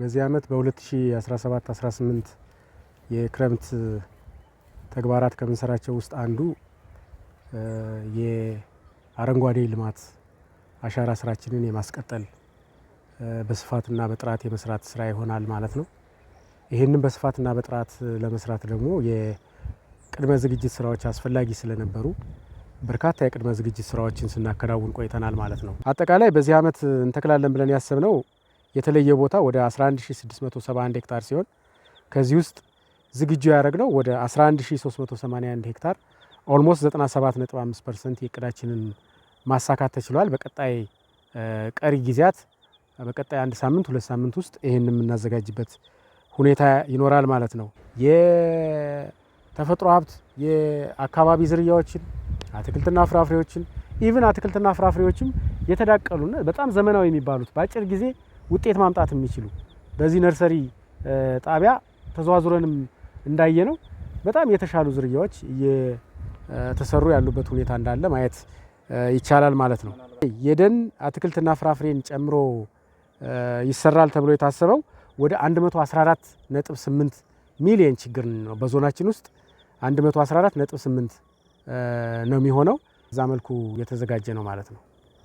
በዚህ ዓመት በ2017-18 የክረምት ተግባራት ከምንሰራቸው ውስጥ አንዱ የአረንጓዴ ልማት አሻራ ስራችንን የማስቀጠል በስፋትና በጥራት የመስራት ስራ ይሆናል ማለት ነው። ይህንን በስፋትና በጥራት ለመስራት ደግሞ የቅድመ ዝግጅት ስራዎች አስፈላጊ ስለነበሩ በርካታ የቅድመ ዝግጅት ስራዎችን ስናከናውን ቆይተናል ማለት ነው። አጠቃላይ በዚህ ዓመት እንተክላለን ብለን ያሰብነው የተለየ ቦታ ወደ 11671 ሄክታር ሲሆን ከዚህ ውስጥ ዝግጁ ያደረግነው ወደ 11381 ሄክታር ኦልሞስት 97.5 ፐርሰንት የእቅዳችንን ማሳካት ተችሏል። በቀጣይ ቀሪ ጊዜያት በቀጣይ አንድ ሳምንት ሁለት ሳምንት ውስጥ ይህን የምናዘጋጅበት ሁኔታ ይኖራል ማለት ነው። የተፈጥሮ ሀብት የአካባቢ ዝርያዎችን አትክልትና ፍራፍሬዎችን ኢቭን አትክልትና ፍራፍሬዎችም የተዳቀሉና በጣም ዘመናዊ የሚባሉት በአጭር ጊዜ ውጤት ማምጣት የሚችሉ በዚህ ነርሰሪ ጣቢያ ተዘዋዙረንም እንዳየ ነው በጣም የተሻሉ ዝርያዎች እየተሰሩ ያሉበት ሁኔታ እንዳለ ማየት ይቻላል ማለት ነው። የደን አትክልትና ፍራፍሬን ጨምሮ ይሰራል ተብሎ የታሰበው ወደ 114.8 ሚሊየን ችግኝ ነው። በዞናችን ውስጥ 114.8 ነው የሚሆነው። እዛ መልኩ የተዘጋጀ ነው ማለት ነው።